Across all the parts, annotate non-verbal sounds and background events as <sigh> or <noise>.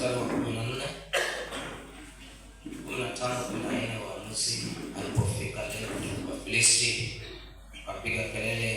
mstari wa kumi na nne kumi na tano kumi na nne Waamuzi alipofika tena kutoka Filisti akapiga kelele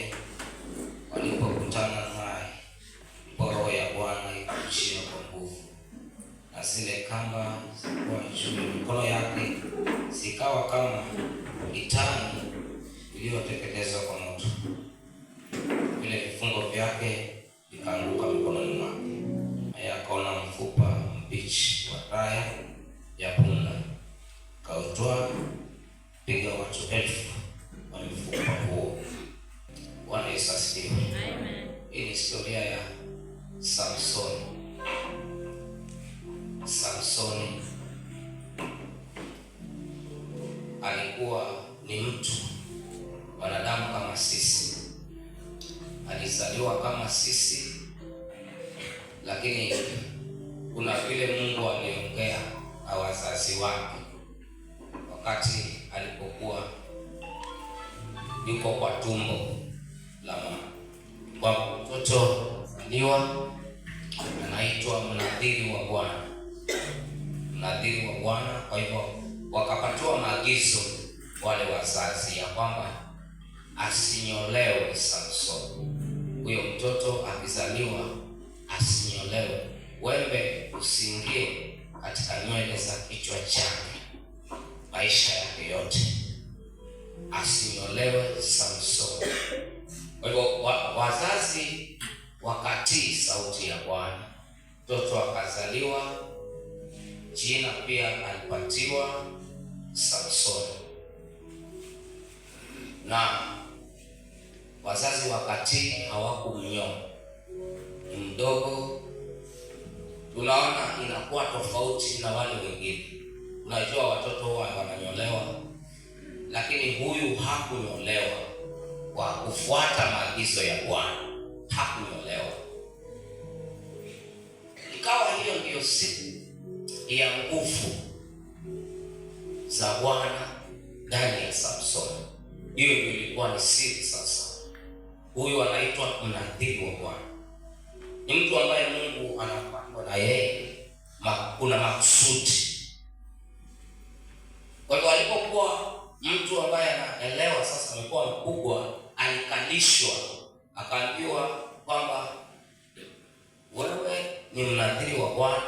kwamba asinyolewe samson huyo mtoto akizaliwa asinyolewe, wembe usiingie katika nywele za kichwa chake maisha yake yote, asinyolewe samson Kwa hivyo wazazi wakatii sauti ya Bwana, mtoto akazaliwa, jina pia alipatiwa Samsoni na wazazi wakati hawakumnyoa mdogo, tunaona inakuwa tofauti na wale wengine. Unajua watoto huwa wananyolewa, lakini huyu hakunyolewa kwa kufuata maagizo ya Bwana, hakunyolewa. Ikawa hiyo ndiyo siku ya nguvu za Bwana ndani ya Samsoni hiyo ilikuwa ni siri. Sasa huyu anaitwa mnadhiri wa Bwana, ni mtu ambaye Mungu anapangwa na yeye, kuna makusudi. Kwa hiyo alipokuwa mtu ambaye anaelewa sasa, amekuwa mkubwa, alikalishwa akaambiwa kwamba wewe ni mnadhiri wa Bwana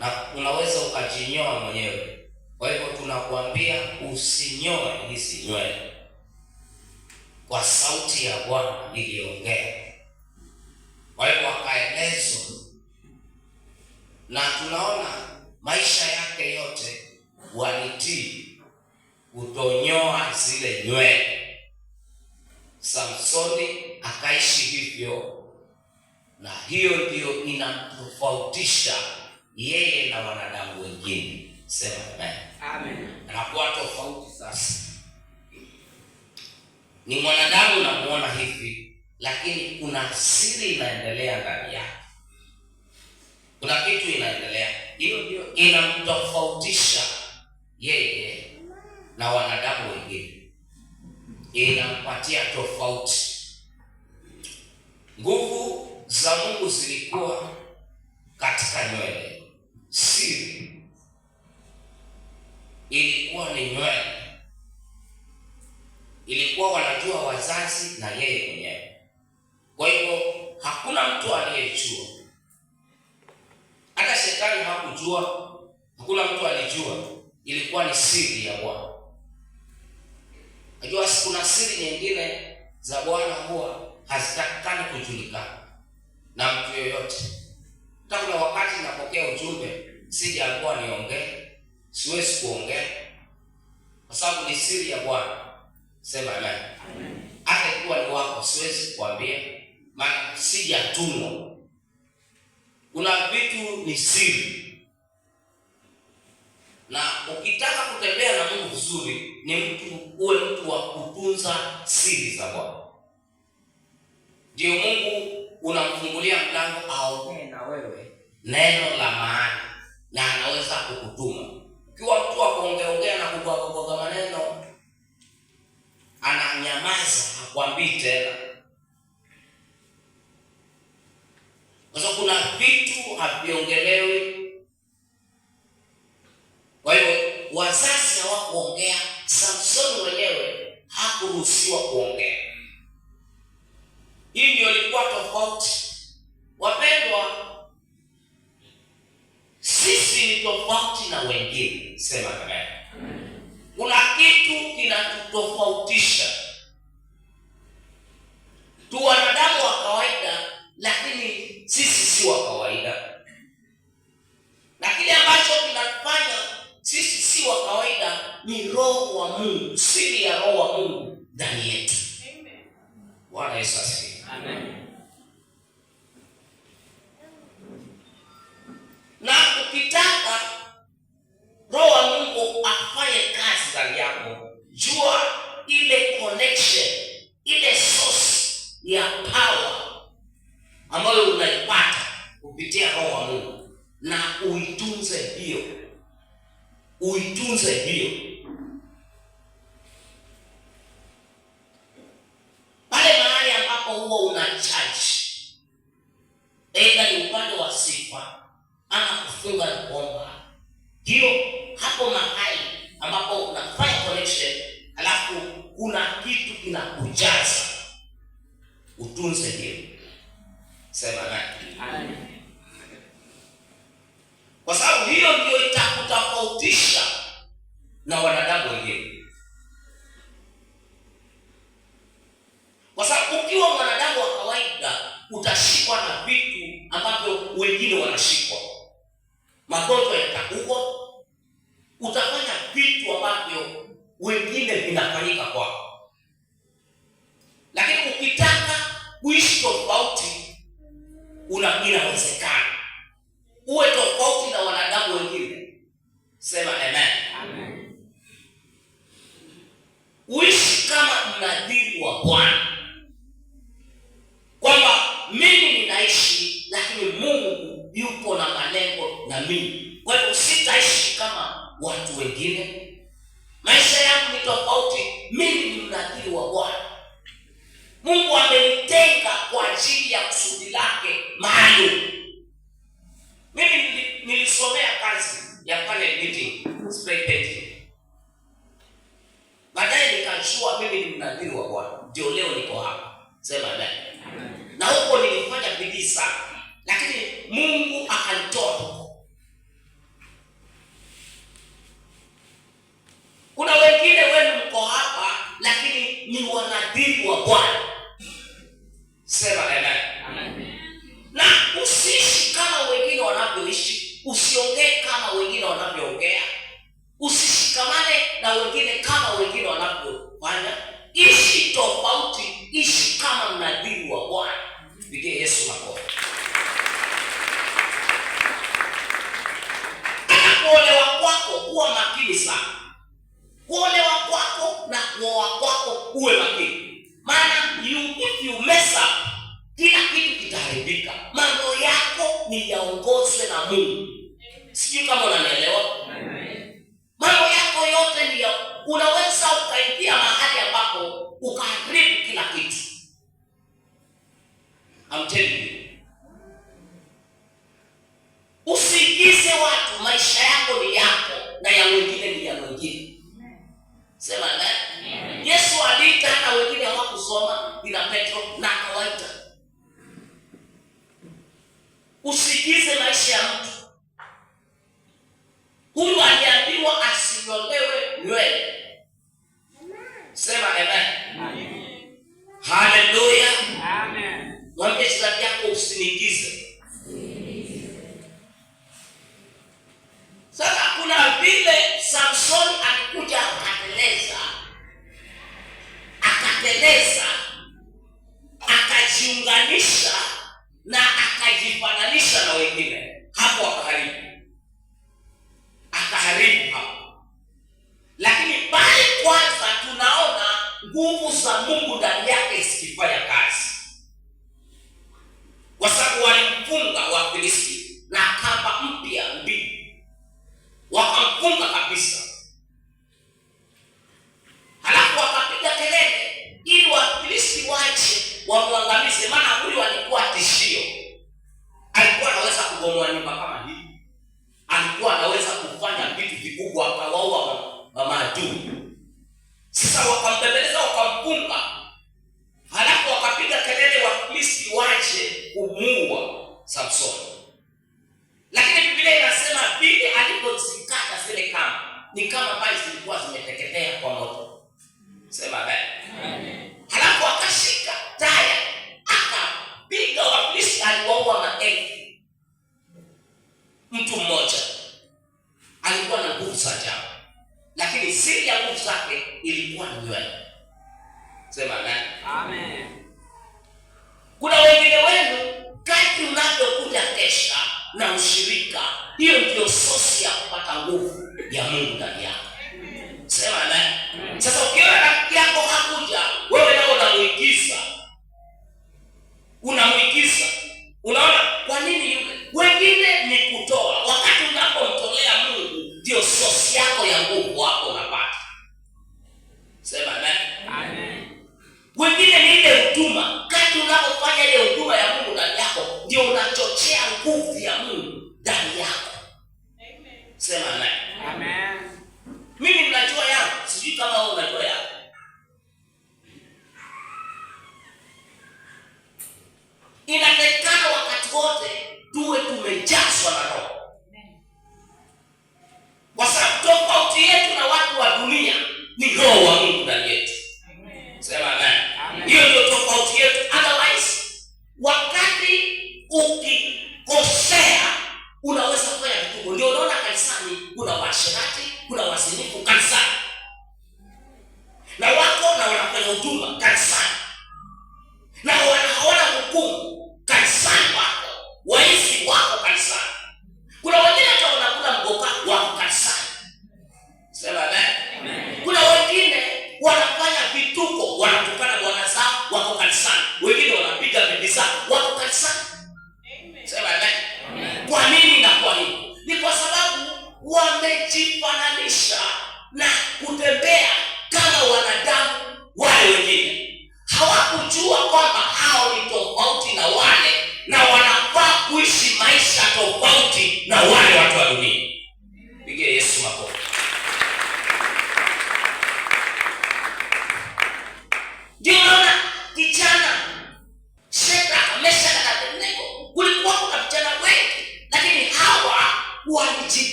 na unaweza ukajinyoa mwenyewe kwa hivyo tunakuambia usinyoe hizi nywele kwa sauti ya Bwana iliongea. Kwa hivyo akaelezwa, na tunaona maisha yake yote walitii kutonyoa zile nywele. Samsoni akaishi hivyo, na hiyo ndiyo inamtofautisha yeye na wanadamu wengine. Sema amen. Anakuwa tofauti sasa. Ni mwanadamu unamuona hivi, lakini kuna siri inaendelea ndani yake, kuna kitu inaendelea, hiyo ndio inamtofautisha yeye na wanadamu wengine, inampatia tofauti. Nguvu za Mungu zilikuwa katika nywele, siri ilikuwa ni nywele, ilikuwa wanajua wazazi na yeye mwenyewe. Kwa hivyo hakuna mtu aliyejua, hata shetani hakujua, hakuna mtu alijua, ilikuwa ni siri ya Bwana. Najua kuna siri nyingine za Bwana huwa hazitakikani kujulikana na mtu yoyote. Hata kuna wakati napokea ujumbe, sija alikuwa niongee siwezi kuongea kwa sababu ni siri ya Bwana. Sema amen. Hata ikuwa ni wako, siwezi kuambia, maana sijatumwa. Kuna vitu ni siri, na ukitaka kutembea na Mungu vizuri, ni mtu uwe mtu wa kutunza siri za Bwana, ndio Mungu unamfungulia mlango aogee na wewe neno la maana, na anaweza kukutuma kuongeongea na kubwagabwaga maneno, ananyamaza, hakwambii tena, kwa sababu kuna vitu haviongelewi. Kwa hiyo wazazi hawakuongea, Samsoni mwenyewe hakuruhusiwa kuongea. Hii ndio ilikuwa tofauti, wapendwa. Sisi ni tofauti na wengine, sema amen. Kuna kitu kinatutofautisha tuwa 块一个过？ya mwingine Sema ne Yesu aliita hata wengine hawakusoma bila Petro na akawaita. Usikize maisha ya mtu. Huyu aliambiwa asiolewe hapo akaharibu, akaharibu hapo. Lakini pale kwanza tunaona nguvu za Mungu ndani yake zikifanya kazi, kwa sababu walimfunga Wafilisti na kamba mpya mbili, wakamfunga kabisa. Halafu wakapiga kelele ili Wafilisti wache wamwangamize, maana huyu alikuwa tishio. Alikuwa anaweza kubomoa nyumba kama hii, alikuwa anaweza kufanya vitu vikubwa, akawaua maadui. Sasa wakambembeleza, wakampunga, halafu wakapiga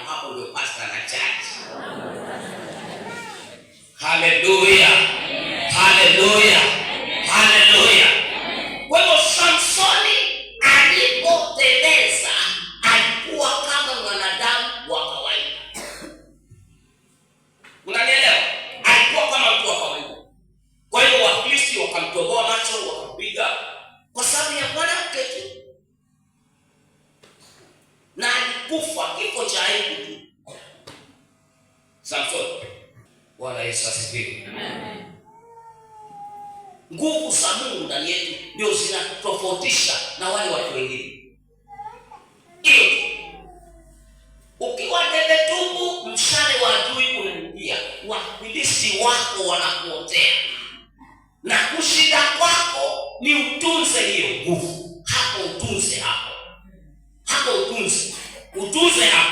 yangu hapo ndio pastor na church. Haleluya. wengine. Ukiwa debe tupu, mshale wa adui unaingia, wafilisti wako wanakuotea, na kushinda kwako ni utunze hiyo nguvu. Hapo utunze, hapo hapo utunze, utunze hapo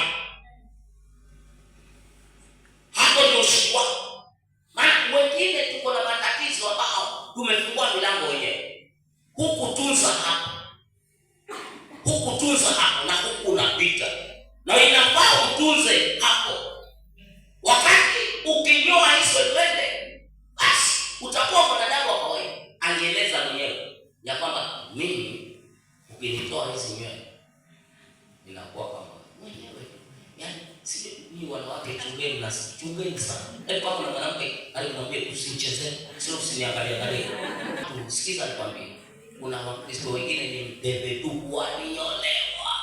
Ukilitoa hizi nywele inakuwa kama mwenyewe, Yani si ni wanawake, chungeni na chungeni sana. Ndipo yaani, kwa kuna mwanamke alimwambia usicheze, sio usiniangalie angalie. Sikiza, nikwambie, kuna Wakristo wengine ni debe tu waliolewa.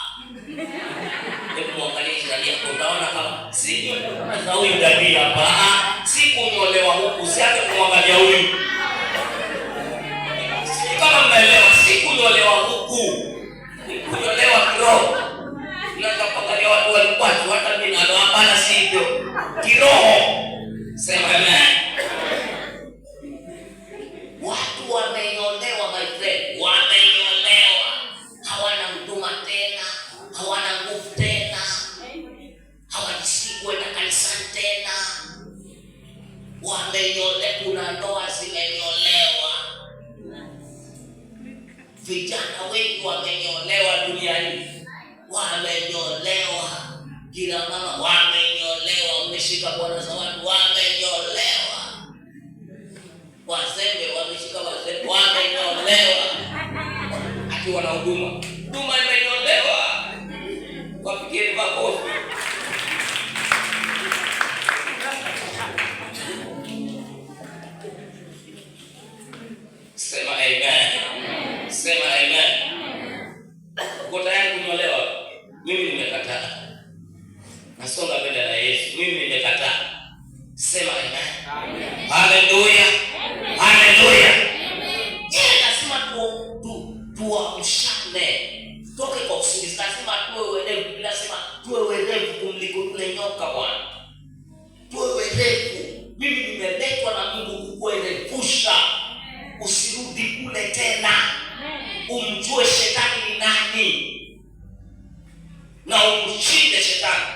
Hebu muangalie jirani yako, utaona kama si sasa, huyu dadi hapa ah, si kunyolewa huku, sianze kumwangalia huyu, kama mnaelewa, si kunyolewa huku pagkaliwan kiro. Ilang ka pagkaliwan walupan. Suwatan din, ano ang pala si Dio. Kiro. wanaohuduma umjue shetani ni nani na umshinde shetani.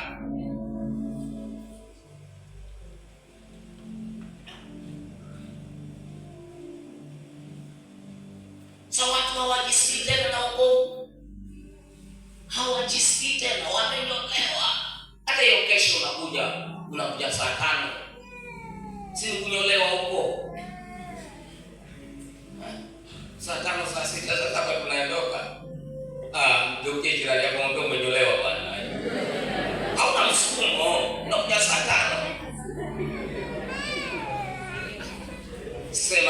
Selah.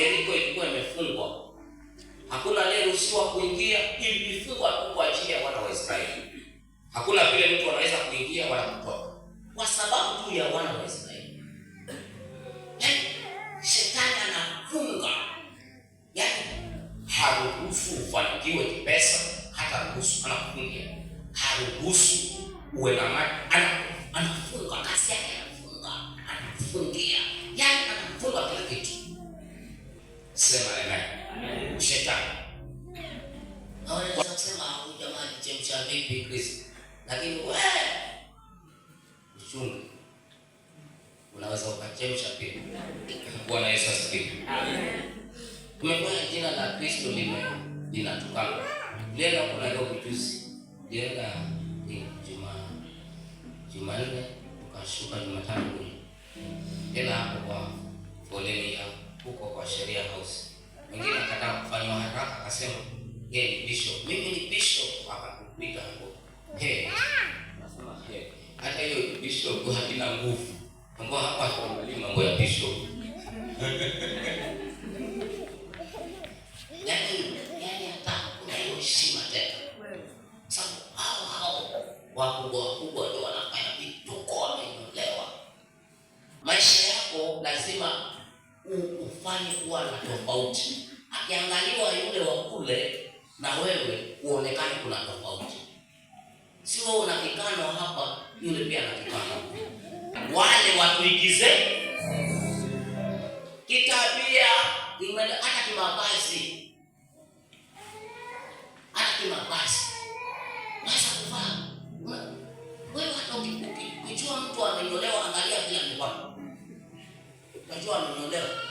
Yeriko yaani ilikuwa imefungwa, hakuna aliyeruhusiwa kuingia, ilifungwa tu kwa ajili ya wana wa Israeli. Hakuna vile mtu anaweza kuingia wala kutoka, kwa sababu tu ya wana wa Israeli. Yaani, shetani anafunga, yaani haruhusu ufanikiwe kipesa, hata ruhusu, anakufungia, haruhusu uwe na mali, anafunga kasi yake. Sema amen. Shetani anaweza kusema huyu jamaa alichemsha vipi Kristo, lakini wewe uchungu unaweza ukachemsha pia. Bwana Yesu asifiwe. Kumekuwa jina la Kristo lime linatukana leo. Kuna leo kujuzi jenda ni juma Jumanne tukashuka Jumatano tena hapo kwa foleni yao huko kwa Sheria House. Mwingine akataka kufanywa haraka, akasema yeye ni bishop, mimi ni bishop, akakupiga huko. Hey, nasema hey, hata hiyo bishop haina nguvu, ngoja hapa tuangalie mambo ya bishop. <laughs> Yaani, yaani hata kuna hiyo heshima tena, sababu hao hao wakubwa wakubwa ndio wanafanya vituko, wamenyolewa. Maisha yako lazima ufanye kuwa na tofauti. Akiangaliwa yule wa kule na wewe uonekane kuna tofauti, sio una kikano hapa, yule pia ana kikano. Wale watuigize kitabia, hata kimavazi, hata kimavazi 就能么